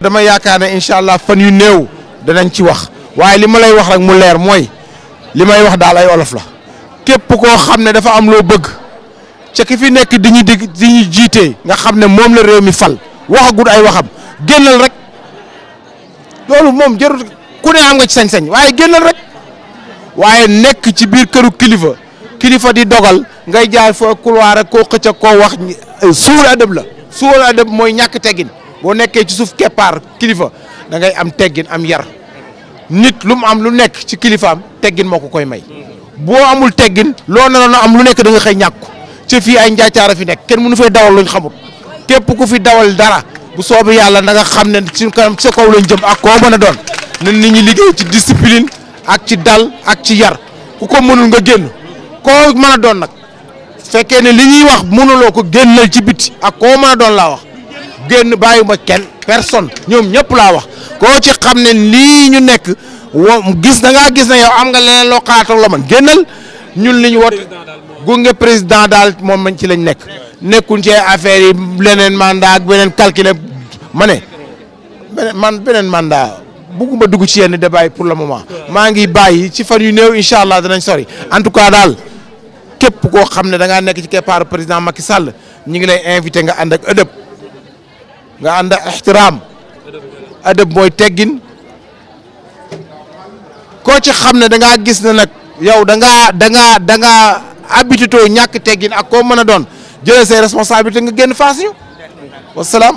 damay yaakaar ne incha allah fan yu néew danañ ci wax waaye li ma lay wax rek mu leer mooy li may wax daal ay olof la képp koo xam ne dafa am loo bëgg ca ki fi nekk di ñu di di jiitee nga xam ne moom la réew mi fal waxagut ay waxam génnal rek loolu moom jarul ku ne am nga ci sañ-sañ waaye génnal rek waaye nekk ci biir këru kilifa kilifa di dogal ngay jaar foo couloir ak koo xëcc koo wax suul adab la suul adab mooy ñàkk teggin boo nekkee ci suuf keppaar kilifa dangay am teggin am yar nit lu mu am lu nekk ci kilifaam teggin moo ko koy may boo amul teggin loo naroon a am lu nekk da nga xëy ñàkk ci fii ay njaacaara fi nekk kenn mënu fee dawal luñ xamul képp ku fi dawal dara bu soobee yàlla na nga xam ne suñ kanam sa kaw lañ jëm ak koo mën a doon na nit ñi liggéey ci discipline ak ci dal ak ci yar ku ko mënul nga génn koo mën doon nag fekkee ne li ñuy wax mënuloo ko génnal ci bitt ak koo mën doon laa wax genn bayuma kenn personne ñom ñepp la wax ko ci xamne li ñu nek gis da nga gis na yow am nga leneen xaat ak lo man gennal ñun li ñu wot gunge président dal mom man ci lañ nek nekkun ci affaire yi leneen mandat ak benen calculer mané man benen mandat buguma dugg ci yenn débat pour le moment ma ngi bayyi ci fan yu néew inshallah allah sori en tout cas dal kep ko xamne da nga nek ci képar président Macky Sall ñi ngi lay inviter nga and ak nga ànd ak ixtiraam adab mooy teggin koo ci xam ne da gis ne nag yow danga danga danga ngaa da ngaa habitude ñàkk teggin ak koo mën a doon jëlee say responsabilité nga génn faas ñu